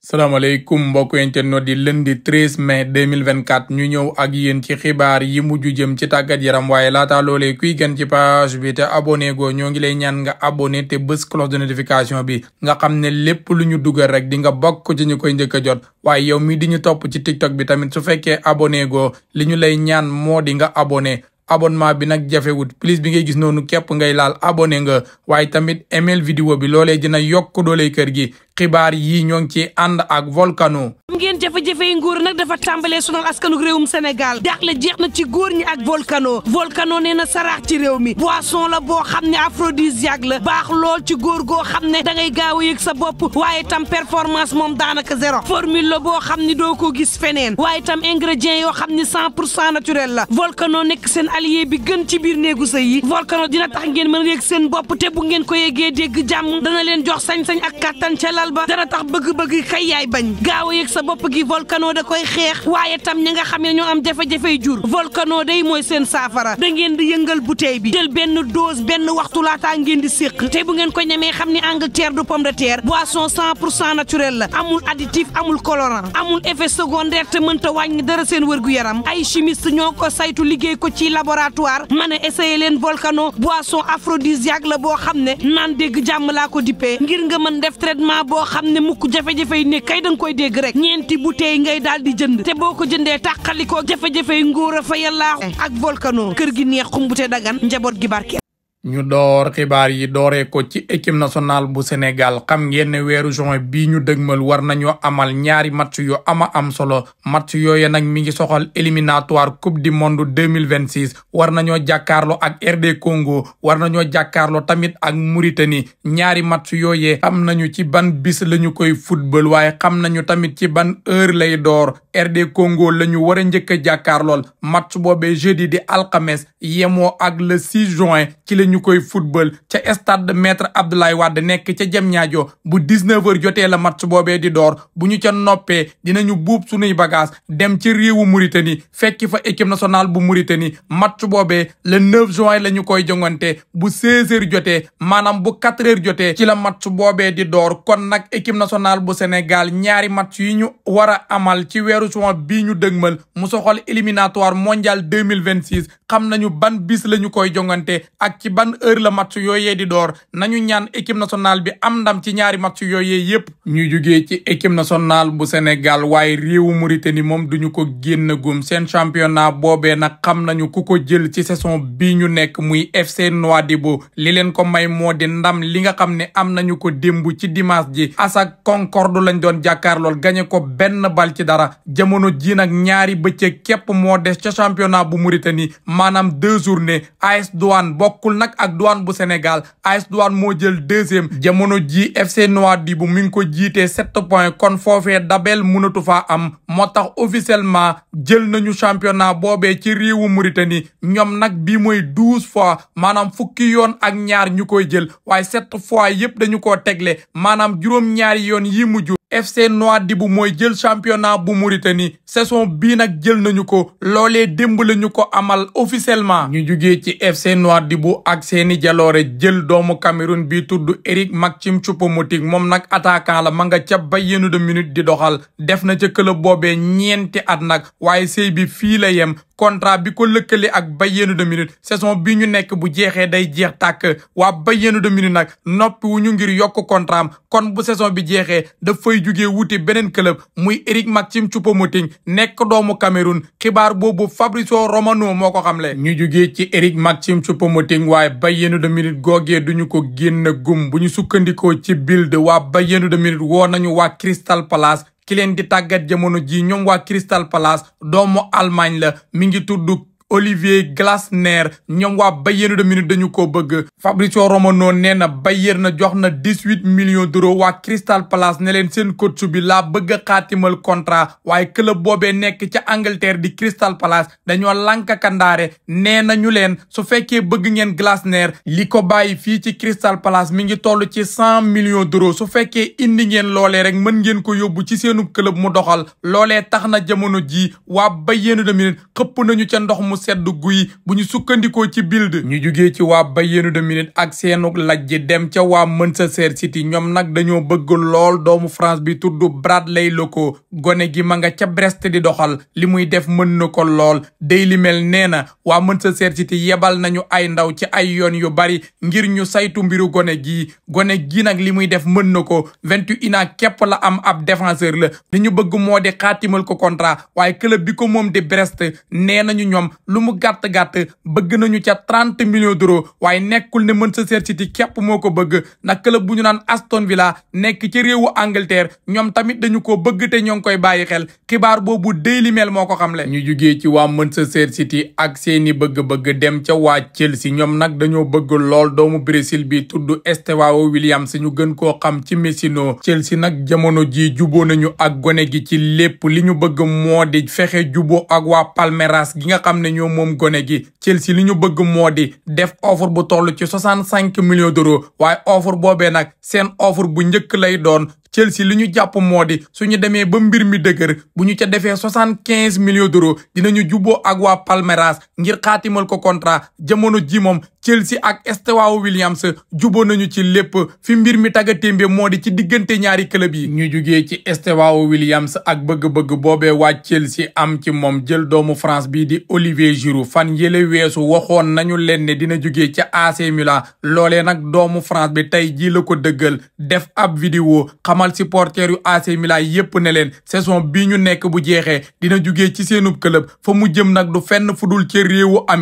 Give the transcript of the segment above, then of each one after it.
salaamaaleykum mbokk internet di lundi 13 mai 2024 ñu ñëw ak yéen ci xibaar yi mujj jëm ci tàggat yaram waaye laata loolee kuy gën ci page bi te abonné go ñoo ngi lay ñaan nga abonné te bés cloche de notification bi nga xam ne lépp lu ñu dugal rek di nga bokk ci ñu koy njëkk a jot waaye yow mi di ñu topp ci tiktok bi tamit su fekkee abonné go li ñu lay ñaan moo di nga abonné. abonnement bi nag jafewut plus bi ngay gis noonu képp ngay laal abonné nga waaye tamit email vidéo bi loolee dina yokk dooley kër gi xibaar yi ñoo ngi ci ànd ak volcano ngeen jafe-jafe yi mi boisson la boo xam ne aphrodisiaque la baax lool goo xam ne da a yëg sa bopp waaye tam performance moom daanaka zéro formule la boo xam ne doo ko gis feneen waaye tam ingrédients yoo xam ne cent pour cent naturel la volcano nekk seen allié bi gën ci biir néegu sëy yi volcano dina tax ngeen mën a yëg seen bopp te bu ngeen ko yëgee dégg jàmm dana leen jox sañ-sañ ak kattan ca dogal ba dana tax bëgg-bëgg kay yaay bañ gaaw a yëg sa bopp gi volcano da koy xeex waaye tam ñi nga xam ne ñoo am jafe-jafey jur volcano day mooy seen saafara da ngeen di yëngal bouteille bi jël benn dose benn waxtu laataa ngeen di séq te bu ngeen ko ñemee xam ni ne Angleterre du pomme de terre boisson 100 pour san naturel la amul additif amul colorant amul effet secondaire te mënta wàññi dara seen wërgu yaram ay chimiste ñoo ko saytu liggéey ko ci laboratoire mën a essayé leen volcano boisson aphrodisiaque la boo xam ne naan dégg jàmm laa ko dippee ngir nga mën def traitement boo xam ne mukk jafe-jafe yi nekk kay da koy dégg rek ñeenti bouteille ngay daal di jënd te boo ko jëndee tàqalikoo jafe-jafe yi nguur a fa yàllaa eh. ak volcano kër gi neex xumbute dagan njaboot gi barke ñu door xibaar yi dooree ko ci équipe national bu Sénégal xam ngeen ne weeru juin bii ñu dëgmal war nañoo amal ñaari match yu ama am solo match yooyu nag mi ngi soxal éliminatoire coupe du monde deux mille vingt six war nañoo jàkkaarloo ak RD Congo war nañoo jàkkaarloo tamit ak Mauritanie ñaari match yooyu xam nañu ci ban bis la ñu koy football waaye xam nañu tamit ci ban heure lay door RD Congo la ñu war a njëkk a jàkkaarlool match boobee jeudi di alxames yemo ak le six juin ñu koy football ca stade maître Abdoulaye Wade nekk ca Diamniadio bu 19h jotee la match boobee di door bu ñu ca noppee dinañu buub sunuy bagage dem ci réewu Mauritanie fekki fa équipe nationale bu Mauritanie match boobee le 9 juin la ñu koy jongante bu 16h jotee maanaam bu 4h jotee ci la match boobee di door kon nag équipe national bu Sénégal ñaari match yi ñu war a amal ci weeru juin bii ñu dëgmal mu soxol éliminatoire mondial 2026 xam nañu ban bis la ñu koy jongante ban heure la match yooyee di door nañu ñaan équipe nationale bi am ndam ci ñaari match yooyee yépp ñu jugee ci équipe nationale bu Sénégal waaye réewu Mauritanie moom duñu ko génn gum seen championnat boobee nag xam nañu ku ko jël ci saison bi ñu nekk muy FC Nouadhibou li leen ko may moo di ndam li nga xam ne am nañu ko démb ci dimanche ji ASAC Concorde lañ doon jàkkaarlool gagné ko benn bal ci dara jamono ji nag ñaari bëccëg képp moo des ca championnat bu Mauritanie maanaam maanam journées AS Douane bokkul nag nag ak douane bu Sénégal AS douane moo jël deuxième jamono ji FC Nouadhibou mu ngi ko jiitee sept points kon foofee dabel mënatu fa am moo tax officiellement jël nañu championnat boobee ci réewu Mauritanie ñoom nag bi mooy douze fois maanaam fukki yoon ak ñaar ñu koy jël waaye sept fois yépp dañu koo tegle maanaam juróom-ñaari yoon yi mujj FC Nouadhibou mooy jël championnat bu Mauritanie saison bii nag jël nañu ko loolee démb lañu ko amal officiellement ñu jugee ci FC ak seeni jaloore jël doomu Cameroun bi tudd Eric Maxim Choupo-Moting moom nag attaquant la ma nga ca Bayern de Munich di doxal def na ca club boobee ñeenti at nag waaye sëy bi fii la yem contrat bi ko lëkkale ak Bayern de Munich saison bi ñu nekk bu jeexee day jeex tàkk waa Bayern de Munich nag noppi wu ñu ngir yokk contrat am kon bu saison bi jeexee dafay jugee wuti beneen club muy Eric Maxime Choupo-Moting nekk doomu Cameroun xibaar boobu Fabrizio Romano moo ko xam le ñu jugee ci Eric Maxime Choupo-Moting waaye Bayern de Munich googee ñu ko génn gum bu ñu sukkandikoo ci Bild waa Bayern de Munich woo nañu waa Crystal Palace. ki leen di tàggat jamono ji ñoom waa Crystal Palace doomu almaañ la mi ngi tudd Olivier Glasner ñoom waa Bayern de Munich dañu ko bëgg Fabrizio Romano nee na Bayern na jox na dix-huit millions d'euros waa Crystal Palace ne leen seen coach bi laa bëgg a xaatimal contrat waaye club boobee nekk ca Angleterre di Crystal Palace dañoo lank kandaare nee na ñu leen su fekkee bëgg ngeen Glasner li ko bàyyi fii ci Crystal Palace mi ngi toll ci cent millions d'euros su fekkee indi ngeen loolee rek mën ngeen ko yóbbu ci seenu club mu doxal loolee tax na jamono jii waa Bayern de Munich xëpp nañu ca ndox mu sedd guy bu ñu sukkandikoo ci Bild. ñu jugee ci waa Bayern de Munich ak seenu lajj dem ca waa Manchester City ñoom nag dañoo bëgg lool doomu France bi brad Bradley Loko gone gi ma nga ca Brest di doxal li muy def mën na ko lool Daily Mail nee na waa Manchester City yebal nañu ay ndaw ci ay yoon yu bari ngir ñu saytu mbiru gone gi gone gi nag li muy def mën na ko vingt et képp la am ab défenseur la li ñu bëgg moo di xaatimal ko contrat waaye club bi ko moom di Brest nee nañu ñoom lu mu gàtt-gàtt bëgg nañu ca trente millions d'euros waaye nekkul ne Manchester City képp moo ko bëgg nag club bu ñu naan Aston Villa nekk ci réewu Angleterre ñoom tamit dañu ko bëgg te ñoo ngi koy bàyyi xel xibaar boobu Daily Mail moo ko xam le ñu jugee ci waa Manchester City ak seeni bëgg-bëgg dem ca waa Chelsea ñoom nag dañoo bëgg lool doomu Brésil bi tudd este Estevão Williams ñu gën koo xam ci Messino Chelsea nag jamono ji juboo nañu ak gone gi ci lépp li ñu bëgg moo di fexe juboo ak ñoo moom gone gi Chelsea li ñu bëgg moo di def offre bu toll ci soixante cinq millions d'euros waaye offre boobee nag seen offre bu njëkk lay doon Chelsea li ñu jàpp moo di suñu demee ba mbir mi dëgër bu ñu ca defee soixante quinze millions d'euros dinañu jubboo ak waa Palmeiras ngir xaatimal ko contrat jamono ji moom Chelsea ak Estewao Williams juboo nañu ci lépp fi mbir mi taggatémbe moo di ci diggante ñaari club yi ñu jugee ci Estewao Williams ak bëgg-bëgg boobee waa Chelsea am ci moom jël doomu France bi di Olivier Giroud fan yële weesu waxoon nañu leen ne dina jugee ci AC Milan loolee nag doomu France bi tey jii la ko dëggal def ab vidéo xamal supporter yu AC Milan yépp ne leen saison bi ñu nekk bu jeexee dina jugee ci seenub club fa mu jëm nag du fenn fu dul ci réewu am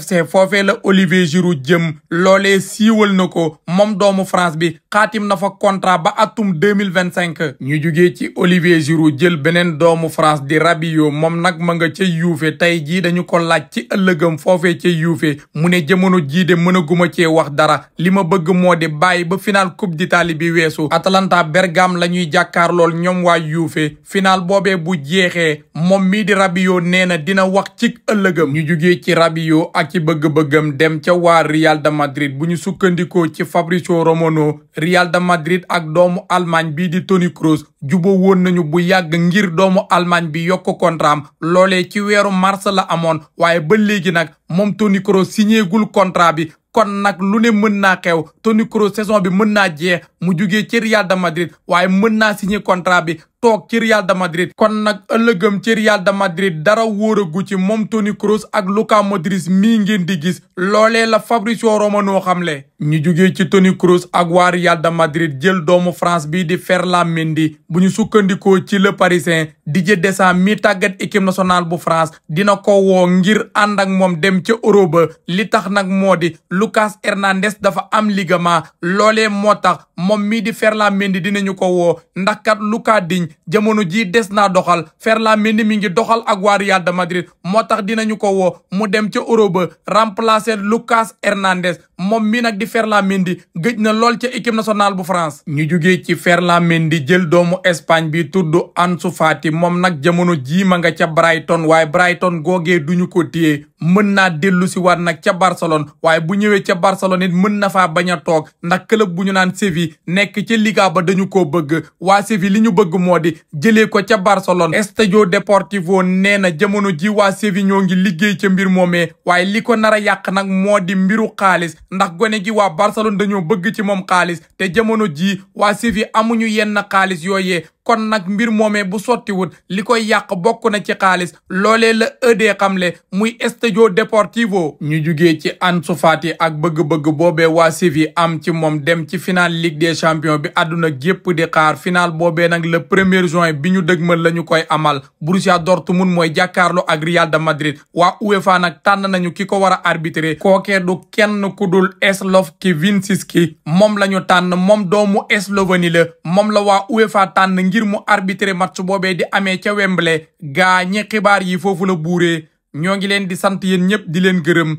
FC foofee la Olivier Giroud jëm loolee siiwal na ko moom doomu France bi xaatim na fa contrat ba atum 2025 ñu jugee ci Olivier Giroud jël beneen doomu France di rabio moom nag ma nga ca Juve tey jii dañu ko laaj ci ëllëgam foofee ci Juve mu ne jamono jii de mënaguma cee wax dara li ma bëgg moo di bàyyi ba final coupe d'Italie bi weesu Atalanta Bergame la ñuy jàkkaar lool ñoom waa Juve final boobe bu jeexee moom mii di Rabiot nee na dina wax ci ëllëgam ñu jugee ci Rabiot ak i bëgg-bëggam dem ca waa Real de Madrid bu ñu sukkandikoo ci Fabrizio Romano Real de Madrid ak doomu Allemagne bii di Toni Kroos juba woon nañu bu yàgg ngir doomu Allemagne bi yokk kontraam loole ci weeru mars la amoon waaye ba léegi nag moom Toni Kroos signéegul contrat bi kon nag lu ne mën naa xew Toni Kroos saison bi mën naa jeex mu jugee ci Real de Madrid waaye mën naa signé contrat bi toog ci Real de Madrid kon nag ëllëgëm ci Real de Madrid dara wóoragu ci moom Toni Kroos ak Luka Modric mii ngeen di gis loolee la Fabrizio xam xamle ñu juge ci Toni Kroos ak waa Real de Madrid jël doomu France bi di Ferland Mendy bu ñu sukkandikoo ci le parisien Didier Deschamps mi tàggat équipe nationale bu France dina ko woo ngir ànd ak moom dem ca Europe li tax nag moo di Lucas Hernandez dafa am ligament loolee moo tax moom mii di Ferland Mendy dinañu ko woo ndax kat Lucas Digne jamono jii des naa doxal Ferland Mendy mi ngi doxal ak waa Real de Madrid moo tax ñu ko woo mu dem ca Europe remplacer Lucas Hernandez moom mii nag di Ferland Mendy gëj na lool ci équipe nationale bu France. ñu jugee ci Ferland Mendy jël doomu Espagne bi tudd Ansu Fati moom nag jamono jii ma nga ca Brighton waaye Brighton googee duñu ko téye mën naa dellu si waat nag ca Barcelone waaye bu ñëwee ca Barcelone mën na faa bañ a toog ndax club bu ñu naan Séville nekk ca Liga ba dañu ko bëgg waa Séville li ñu bëgg moo di jëlee ko ca Barcelone Estadio Deportivo nee na jamono ji waa Séville ñoo ngi liggéey ca mbir moomee waaye li ko nar a yàq nag moo di mbiru xaalis ndax gone gi waa Barcelone dañoo bëgg ci moom kaalis te jamono ji waa Séville amuñu yenn xaalis yooyee kon nag mbir moomee bu sottiwut li koy yàq bokk na ci xaalis loolee la ëdee xamle muy Estadio Deportivo ñu jugee ci Ansu ak bëgg-bëgg boobe waa Séville am ci moom dem ci final Ligue des champions bi àdduna gépp di xaar final boobee nag la premier juin bi ñu dëgmal la ñu koy amal Borussia mun mooy jàkkaarloo ak Real de Madrid waa UEFA nag tànn nañu ki ko war a arbitré kookee du kenn ku dul Slavko Vininčić moom la ñu tànn moom doomu Slovénie la moom la waa UEFA tànn ngir mu arbitre match boobee di amee ca Wembley gaa xibaar yi foofu la buuree ñoo ngi leen di sant yéen ñëpp di leen gërëm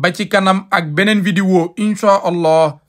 ba ci kanam ak beneen vidéo incha allah